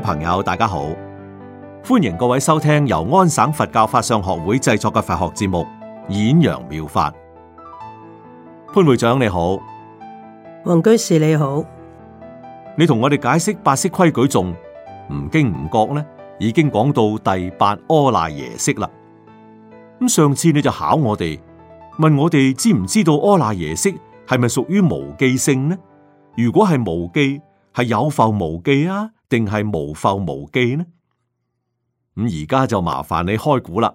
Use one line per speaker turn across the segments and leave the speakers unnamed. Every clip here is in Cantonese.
朋友，大家好，歡迎各位收聽由安省佛教法相學會製作嘅佛學節目《演揚妙法》。潘會長你好，
王居士你好，
你同我哋解釋八識規矩仲唔經唔覺咧，已經講到第八阿賴耶識啦。咁上次你就考我哋，問我哋知唔知道阿賴耶識係咪屬於無記性呢？如果係無記，係有覆無記啊？定係無覆無記呢？咁而家就麻煩你開估啦。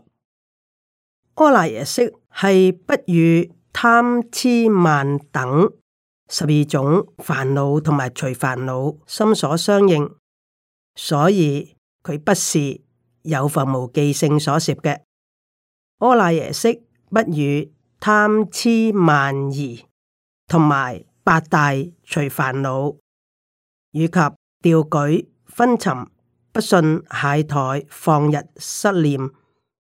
阿賴耶識係不與貪癡慢等十二種煩惱同埋隨煩惱心所相應，所以佢不是有覆無記性所攝嘅。阿賴耶識不與貪癡慢疑同埋八大隨煩惱以及。以及掉舉、昏沉、不信、懈怠、放逸、失念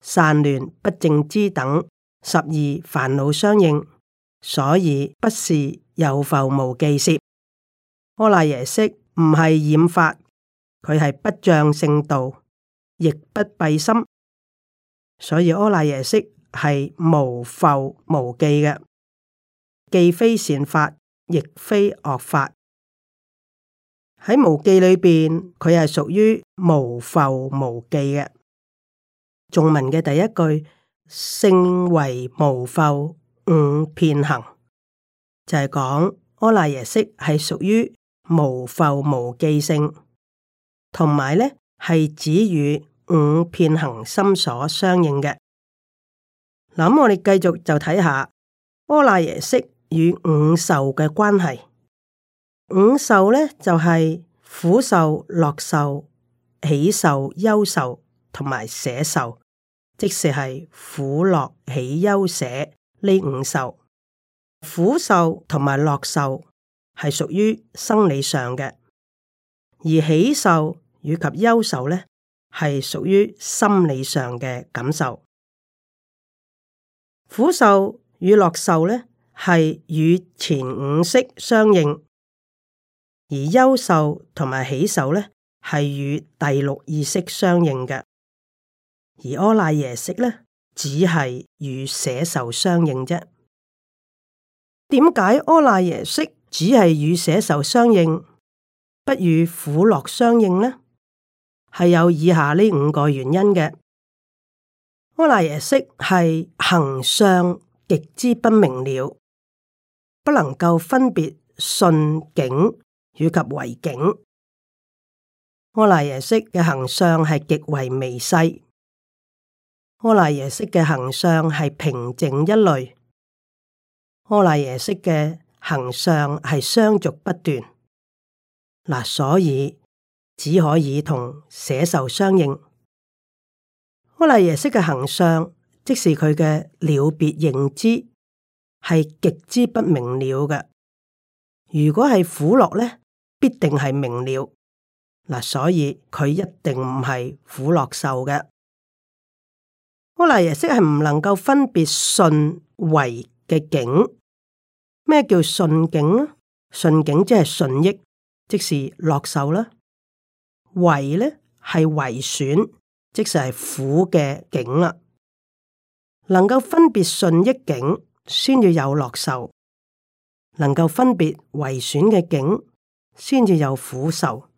散亂、不正知等十二煩惱相應，所以不是有覆無記攝。阿賴耶識唔係染法，佢係不障聖道，亦不蔽心，所以阿賴耶識係無覆無記嘅，既非善法，亦非惡法。喺《無記》裏邊，佢係屬於無覆無記嘅。頌文嘅第一句，性唯無覆，五遍行，就係講阿賴耶識係屬於無覆無記性，同埋呢係指與五遍行心所相應嘅。嗱、嗯，咁我哋繼續就睇下阿賴耶識與五受嘅關係。五受咧就係、是、苦受、樂受、喜受、憂受同埋捨受，即是係苦、樂、喜、憂、捨呢五受。苦受同埋樂受係屬於生理上嘅，而喜受以及憂受咧係屬於心理上嘅感受。苦受與樂受咧係與前五識相應。而憂受同埋喜受呢，係與第六意識相應嘅；而阿賴耶識呢，只係與捨受相應啫。點解阿賴耶識只係與捨受相應，不與苦樂相應呢？係有以下呢五個原因嘅。阿賴耶識係行相極之不明了，不能夠分別順境。以及為境，阿賴耶識嘅行相係極為微細；阿賴耶識嘅行相係平靜一類；阿賴耶識嘅行相係相續不斷。嗱，所以只可以同捨受相應。阿賴耶識嘅行相，即是佢嘅了別認知係極之不明了嘅。如果係苦樂呢？必定係明了，嗱，所以佢一定唔係苦樂受嘅。好啦，賴耶識係唔能夠分別順違嘅境。咩叫順境？順境即係順益，即是樂受啦。違咧係違損，即是係苦嘅境啦。能夠分別順益境，先要有樂受；能夠分別違損嘅境，先至有苦受，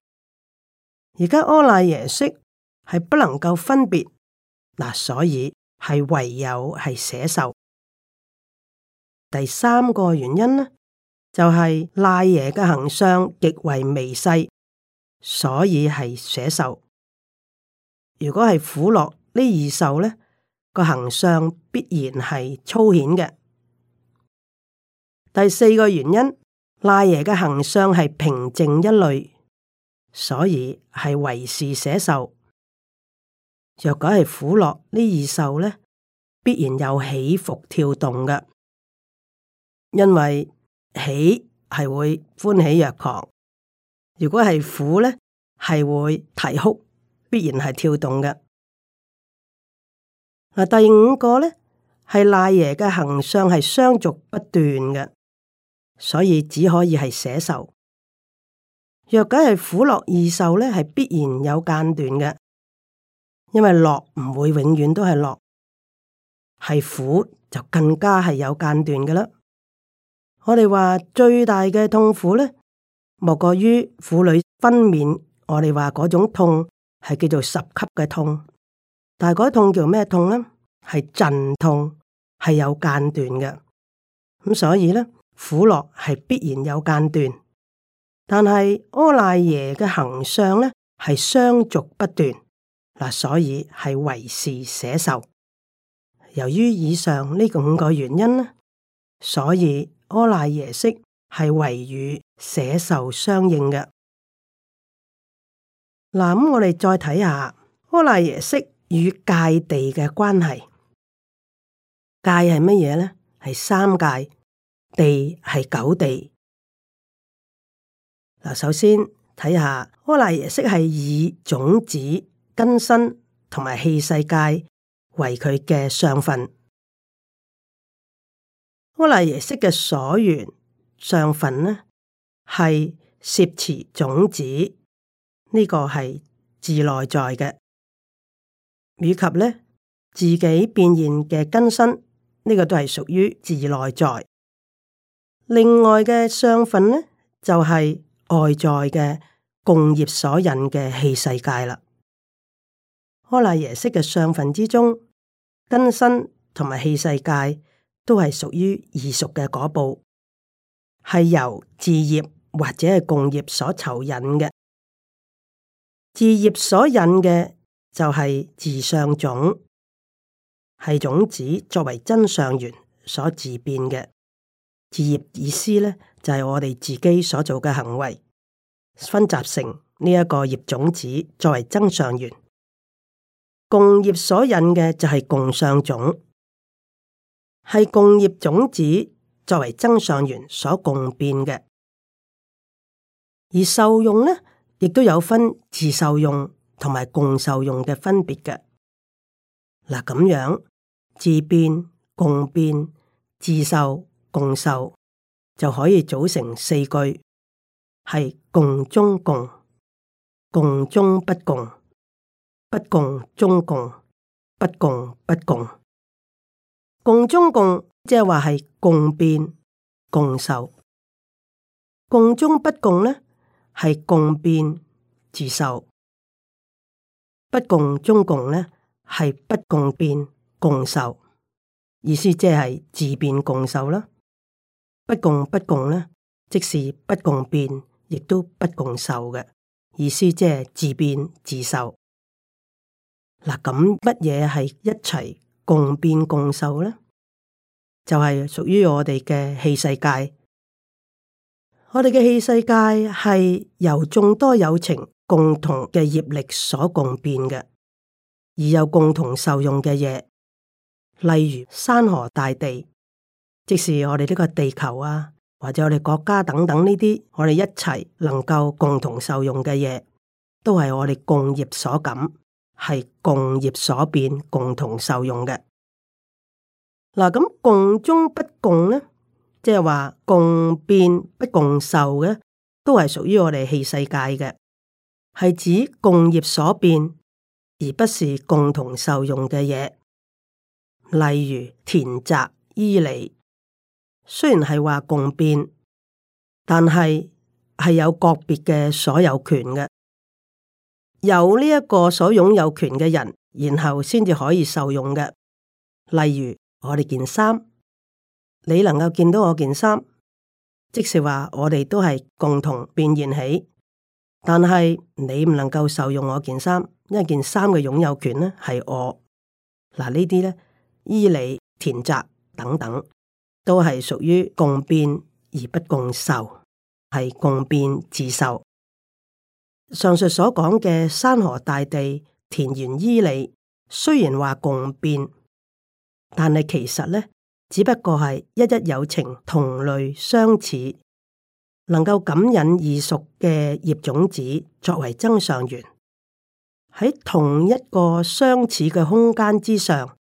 而家阿賴耶識係不能夠分別，嗱，所以係唯有係捨受。第三個原因呢，就係、是、賴耶嘅行相極為微細，所以係捨受。如果係苦樂二，呢二受呢，個行相必然係粗顯嘅。第四個原因。賴爺嘅行相係平靜一類，所以係為是捨受。若果係苦樂，呢二受咧，必然有起伏跳動嘅，因為喜係會歡喜若狂；如果係苦咧，係會啼哭，必然係跳動嘅。啊，第五個咧係賴耶嘅行相係相續不斷嘅。所以只可以係捨受，若果係苦樂二受咧，係必然有間斷嘅，因為樂唔會永遠都係樂，係苦就更加係有間斷嘅啦。我哋話最大嘅痛苦咧，莫過於婦女分娩，我哋話嗰種痛係叫做十級嘅痛，但係嗰種痛叫咩痛呢？係陣痛，係有間斷嘅，咁所以咧。苦樂係必然有間斷，但係阿賴耶嘅行相呢，係相續不斷，嗱，所以係唯是捨受。由於以上呢五個原因呢，所以阿賴耶識係唯與捨受相應嘅。嗱，咁我哋再睇下阿賴耶識與界地嘅關係。界係乜嘢呢？係三界。地係九地嗱，首先睇下阿賴耶識係以種子、根身同埋器世界為佢嘅相分。阿賴耶識嘅所緣相分呢，係攝持種子，呢、這個係自內在嘅，以及呢自己變現嘅根身，呢、這個都係屬於自內在。另外嘅相分呢，就係、是、外在嘅共業所引嘅器世界啦。阿賴耶識嘅相分之中，根身同埋器世界都係屬於異熟嘅果報，係由自業或者係共業所酬引嘅。自業所引嘅就係自相種，係種子作為真相緣所自變嘅。自業意思咧，就係、是、我哋自己所做嘅行為，分集成呢一個業種子作為增上緣，共業所引嘅就係共上種，係共業種子作為增上緣所共變嘅，而受用咧，亦都有分自受用同埋共受用嘅分別嘅。嗱，咁樣自變共變自受。共受就可以組成四句，係共中共、共中不共、不共中共、不共不共。共中共即係話係共變共受，共中不共呢？係共變自受，不共中共呢？係不共變共受，意思即係自變共受啦。不共不共呢，即是不共變，亦都不共受嘅意思，即係自變自受。嗱、啊，咁乜嘢係一齊共變共受呢？就係屬於我哋嘅器世界。我哋嘅器世界係由眾多有情共同嘅業力所共變嘅，而有共同受用嘅嘢，例如山河大地。即使我哋呢個地球啊，或者我哋國家等等呢啲，我哋一齊能夠共同受用嘅嘢，都係我哋共業所感，係共業所變，共同受用嘅。嗱，咁共中不共呢？即係話共變不共受嘅，都係屬於我哋器世界嘅，係指共業所變，而不是共同受用嘅嘢。例如田宅、衣履。雖然係話共變，但係係有個別嘅所有權嘅，有呢一個所擁有權嘅人，然後先至可以受用嘅。例如我哋件衫，你能夠見到我件衫，即是話我哋都係共同變現起，但係你唔能夠受用我件衫，因為件衫嘅擁有權呢係我。嗱呢啲呢，伊里田澤等等。都係屬於共變而不共受，係共變自受。上述所講嘅山河大地、田園依理，雖然話共變，但係其實呢，只不過係一一有情同類相似，能夠感引異熟嘅業種子，作為增上緣，喺同一個相似嘅空間之上，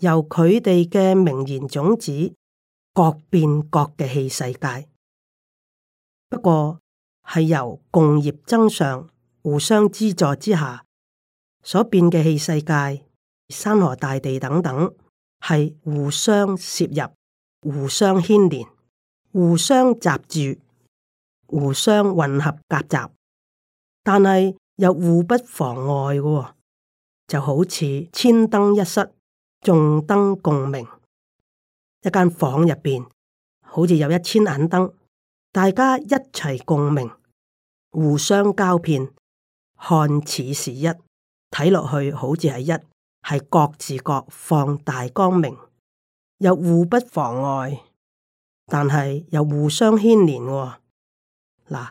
由佢哋嘅名言種子。各變各嘅氣世界，不過係由共業增上、互相資助之下所變嘅氣世界、山河大地等等，係互相攝入、互相牽連、互相雜住、互相混合夾雜，但係又互不妨礙嘅喎，就好似千燈一室，眾燈共明。一間房入邊，好似有一千盞燈，大家一齊共鳴，互相交片，看似是一睇落去，好似係一係各自各放大光明，又互不妨礙，但係又互相牽連、哦。嗱，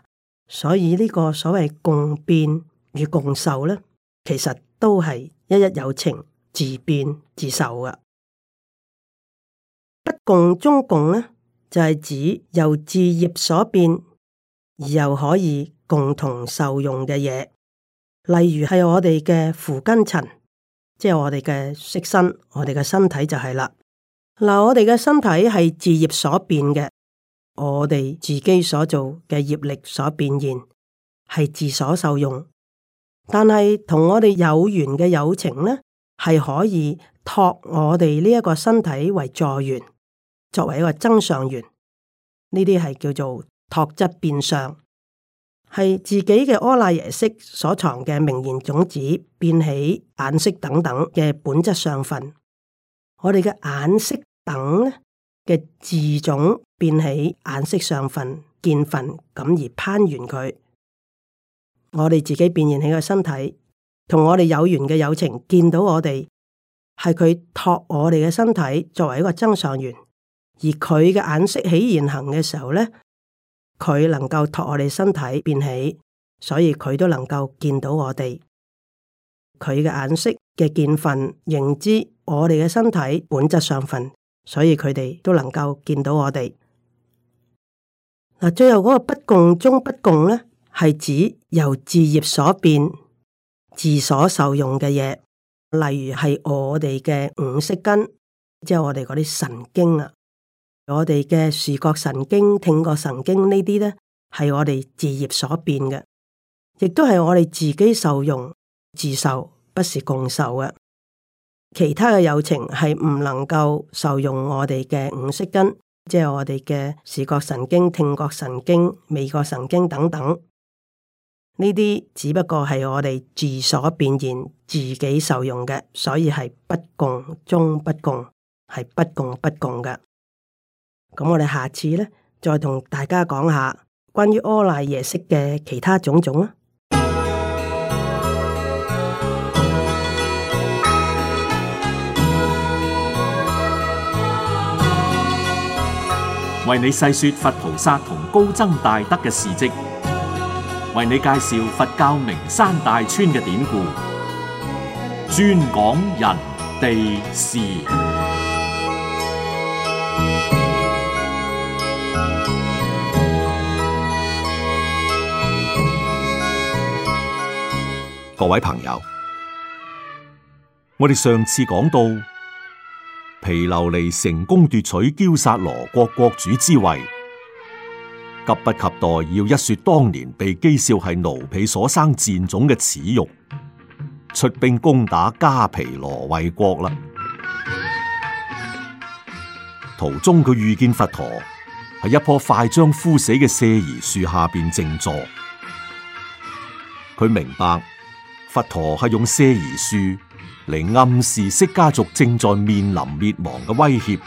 所以呢個所謂共變與共受呢，其實都係一一有情自變自受噶。不共中共呢，就係、是、指由自業所變，而又可以共同受用嘅嘢。例如係我哋嘅扶根塵，即係我哋嘅色身，我哋嘅身體就係啦。嗱，我哋嘅身體係自業所變嘅，我哋自己所做嘅業力所變現，係自所受用。但係同我哋有緣嘅友情呢，係可以託我哋呢一個身體為助緣。作為一個增上緣，呢啲係叫做託質變相，係自己嘅阿賴耶識所藏嘅名言種子變起眼色等等嘅本質上份。我哋嘅眼色等咧嘅自種變起眼色上份、見份，咁而攀緣佢。我哋自己變現起個身體，同我哋有緣嘅友情見到我哋，係佢託我哋嘅身體作為一個增上緣。而佢嘅眼色起現行嘅時候咧，佢能夠托我哋身體變起，所以佢都能夠見到我哋。佢嘅眼色嘅見分認知我哋嘅身體本質上分，所以佢哋都能夠見到我哋。嗱，最後嗰個不共中不共咧，係指由自業所變自所受用嘅嘢，例如係我哋嘅五色根，即係我哋嗰啲神經啊。我哋嘅視覺神經、聽覺神經呢啲呢，係我哋自業所變嘅，亦都係我哋自己受用自受，不是共受嘅。其他嘅有情係唔能夠受用我哋嘅五色根，即係我哋嘅視覺神經、聽覺神經、味覺神經等等呢啲，只不過係我哋自所變現、自己受用嘅，所以係不共、中不共，係不共不共嘅。咁我哋下次咧，再同大家講下關於阿賴耶識嘅其他種種啦。
為你細說佛菩薩同高僧大德嘅事跡，為你介紹佛教名山大川嘅典故，專講人地事。各位朋友，我哋上次講到毗琉璃成功奪取憍薩羅國國主之位，急不及待要一說當年被譏笑係奴婢所生賤種嘅恥辱，出兵攻打加毗羅衛國啦。途中佢遇見佛陀，喺一棵快將枯死嘅舍兒樹下邊靜坐，佢明白。佛陀係用舍夷樹嚟暗示釋迦族正在面臨滅亡嘅威脅。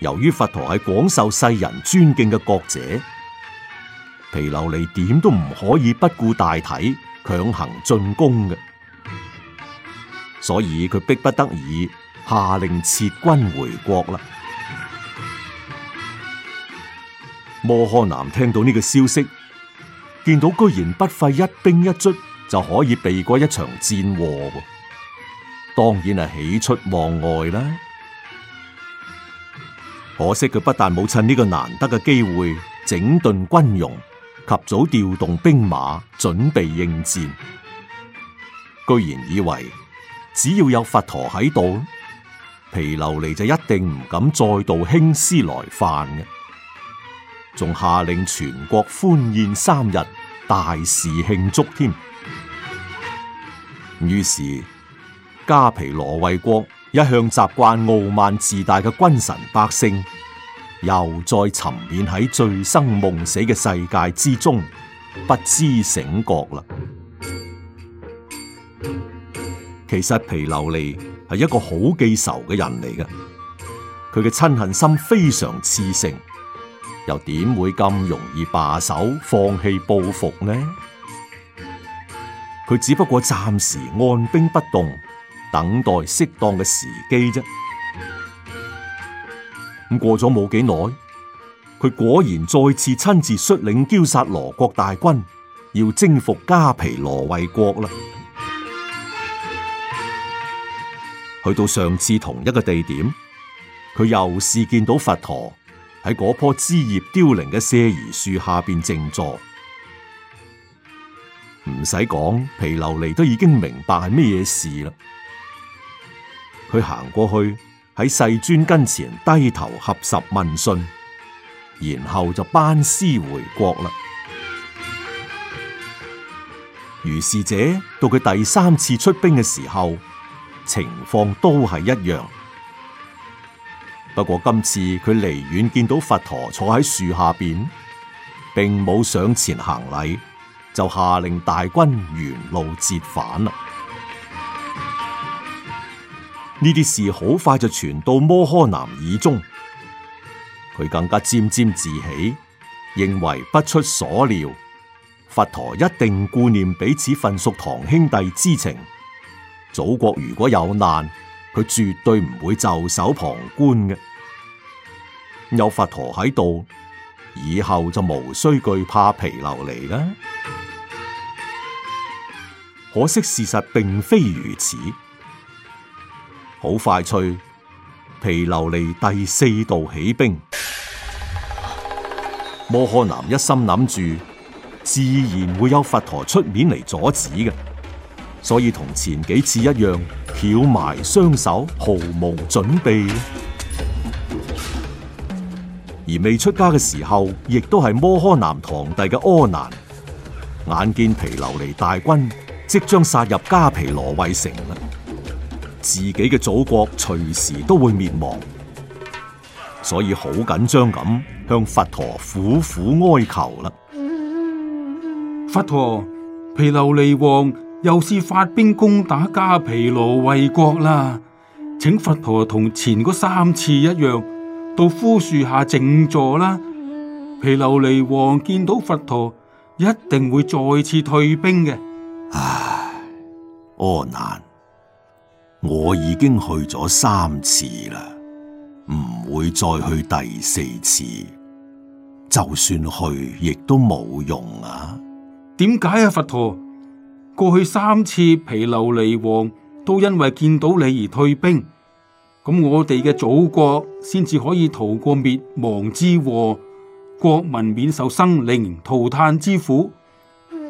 由於佛陀係廣受世人尊敬嘅國者，毗琉璃點都唔可以不顧大體強行進攻嘅，所以佢迫不得已下令撤軍回國啦。摩訶男聽到呢個消息。見到居然不費一兵一卒就可以避過一場戰禍，當然係喜出望外啦。可惜佢不但冇趁呢個難得嘅機會整頓軍容，及早調動兵馬準備應戰，居然以為只要有佛陀喺度，毗琉璃就一定唔敢再度興師來犯嘅，仲下令全國歡宴三日。大事慶祝添，於是加皮羅衛國一向習慣傲慢自大嘅君臣百姓，又再沉湎喺醉生夢死嘅世界之中，不知醒覺啦。其實毗琉璃係一個好記仇嘅人嚟嘅，佢嘅瞋恨心非常熾盛。又點會咁容易罷手放棄報復呢？佢只不過暫時按兵不動，等待適當嘅時機啫。咁過咗冇幾耐，佢果然再次親自率領憍薩羅國大軍，要征服迦毗羅衛國啦。去到上次同一個地點，佢又係見到佛陀。喺嗰棵枝葉凋零嘅舍夷樹下邊靜坐，唔使講，毗琉璃都已經明白係咩嘢事啦。佢行過去喺世尊跟前低頭合十問訊，然後就班師回國啦。如是者，到佢第三次出兵嘅時候，情況都係一樣。不過今次佢離遠見到佛陀坐喺樹下邊，並冇上前行禮，就下令大軍沿路折返啦。呢啲事好快就傳到摩訶男耳中，佢更加沾沾自喜，認為不出所料，佛陀一定顧念彼此份屬堂兄弟之情。祖國如果有難，佢絕對唔會袖手旁觀嘅。有佛陀喺度，以後就無需懼怕毗琉璃啦。可惜事實並非如此。好快脆，毗琉璃第四度起兵。摩訶男一心諗住，自然會有佛陀出面嚟阻止嘅，所以同前幾次一樣，翹埋雙手，毫無準備。而未出家嘅時候，亦都係摩訶男堂弟嘅阿難。眼見毗琉璃大軍即將殺入迦毗羅衛城啦，自己嘅祖國隨時都會滅亡，所以好緊張咁向佛陀苦苦哀求
啦。佛陀，毗琉璃王又是發兵攻打迦毗羅衛國啦，請佛陀同前嗰三次一樣。到枯樹下靜坐啦，毗琉璃王見到佛陀，一定會再次退兵嘅。唉，
阿難，我已經去咗三次啦，唔會再去第四次。就算去，亦
都冇用啊。點解啊，佛陀？過去三次，毗琉璃王都因為見到你而退兵。咁我哋嘅祖國先至可以逃過滅亡之禍，國民免受生靈塗炭之苦。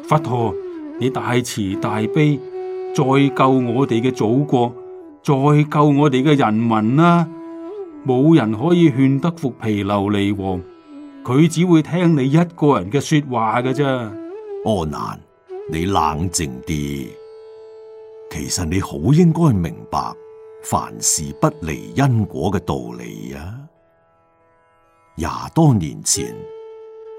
佛陀，你大慈大悲，再救我哋嘅祖國，再救我哋嘅人民啦！冇人可以勸得服毗琉璃王，佢只會聽你一個人嘅說話㗎啫。阿難，你冷靜啲，
其實你好應該明白，凡事不離因果嘅道理啊！廿多年前，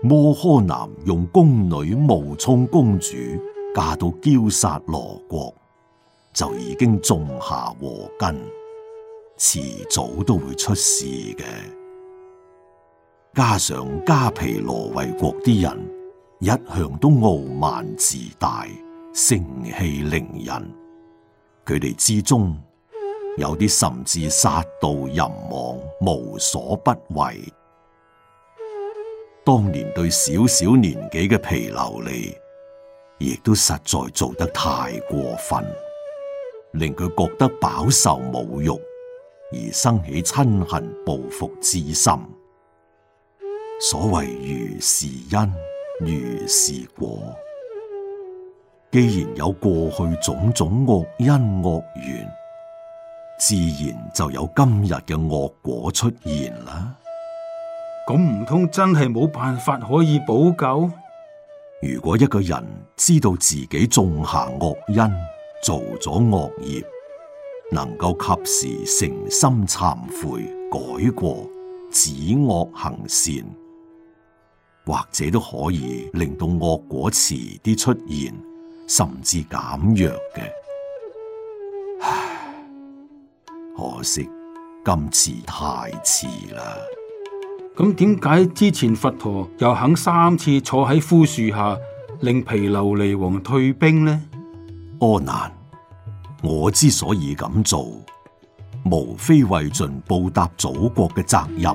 摩訶男用宮女冒充公主嫁到憍薩羅國，就已經種下禍根，遲早都會出事嘅。加上迦毗羅衛國啲人一向都傲慢自大、盛氣凌人，佢哋之中。有啲甚至殺到人亡，無所不為。當年對小小年紀嘅毗琉璃，亦都實在做得太過分，令佢覺得飽受侮辱，而生起瞋恨報復之心。所謂如是因，如是果，既然有過去種種惡因惡緣。自然就有今日嘅惡果出現啦。咁唔通真係冇辦法可以補救？如果一個人知道自己種下惡因，做咗惡業，能夠及時誠心懺悔、改過、止惡行善，或者都可以令到惡果遲啲出現，甚至減弱嘅。
可惜今次太遲啦。咁點解之前佛陀又肯三次坐喺枯樹下令毗琉璃王退兵呢？阿難，我之所以咁做，無非為盡報答
祖國嘅責任，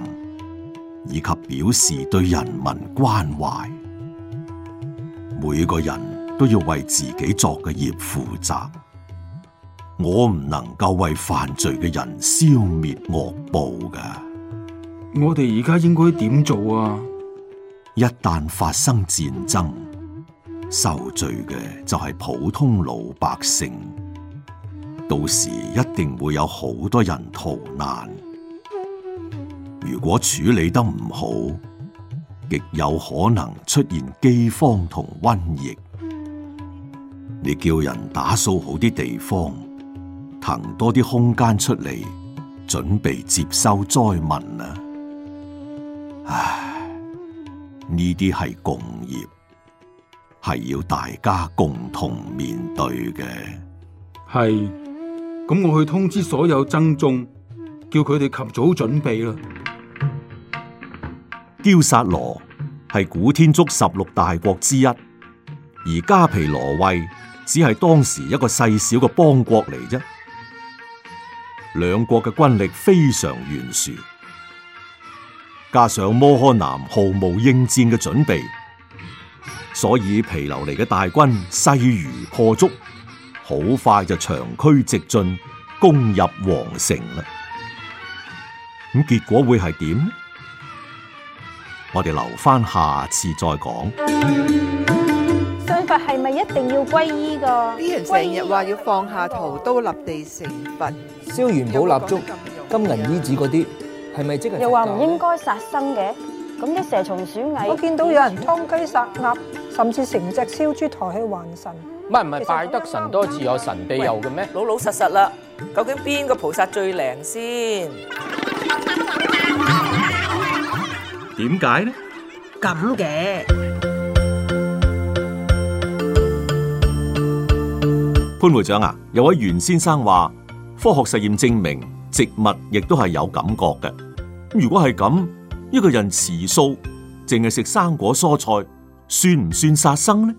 以及表示對人民關懷。每個人都要為自己作嘅業負責。我唔能夠為犯罪嘅人消滅惡報噶。我哋而家應該點做啊？一旦發生戰爭，受罪嘅就係普通老百姓。到時一定會有好多人逃難。如果處理得唔好，極有可能出現饑荒同瘟疫。你叫人打掃好啲地方。行多啲空間出嚟，準備接收災民啊！唉，呢啲係共
業，係要大家共同面對嘅。係，咁我去通知所有僧眾，叫佢哋及早準備啦。憍薩羅係古天竺
十六大國之一，而迦毗羅衛只係當時一個細小嘅邦國嚟啫。兩國嘅軍力非常懸殊，加上摩訶男毫無應戰嘅準備，所以毗琉璃嘅大軍勢如破竹，好快就長驅直進，攻入皇城啦。咁結果會係點？我哋留翻下，下次再講。係咪一定要皈依噶？啲人成日話要放下屠刀立地成佛，燒元寶蠟燭、金銀衣紙嗰啲，係咪即係？又話唔應該殺生嘅，咁啲蛇蟲鼠蟻，我見到有人劏雞
殺鴨，甚至成隻燒豬抬去還神。
唔係唔係，拜得神多自有神庇佑嘅咩？老老實實啦，究竟邊個菩薩最靚先？點解呢？
咁嘅。
潘會長啊，有位袁先生話，科學實驗證明植物亦都係有感覺嘅。如果係咁，一個人持素，淨係食生果蔬菜，算唔算殺生呢？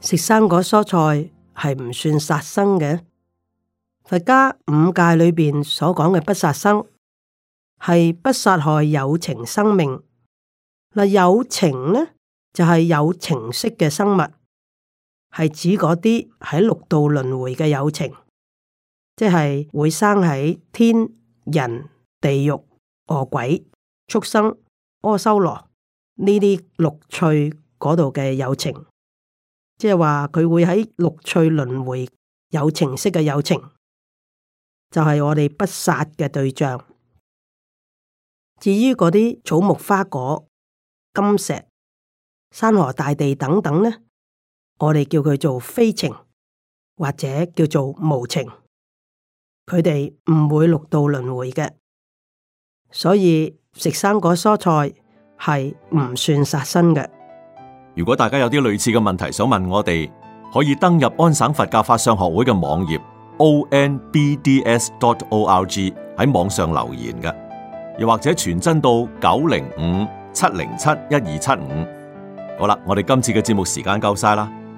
食生果蔬菜係唔算
殺生嘅。佛家五戒裏邊所講嘅不殺生，係不殺害有情生命。嗱，有情呢就係、是、有情識嘅生物。係指嗰啲喺六道輪迴嘅有情，即係會生喺天、人、地獄、餓鬼、畜生、阿修羅呢啲六趣嗰度嘅有情，即係話佢會喺六趣輪迴有情式嘅有情，就係、是、我哋不殺嘅對象。至於嗰啲草木花果、金石、山河大地等等呢，我哋叫佢做非情或者叫做無情，佢哋唔會六道輪回嘅，所以食生果、蔬菜係唔算殺生嘅。
如果大家有啲類似嘅問題想問我哋，可以登入安省佛教法相學會嘅網頁 o n b d s dot o r g 喺網上留言嘅，又或者傳真到九零五七零七一二七五。好啦，我哋今次嘅節目時間夠晒啦。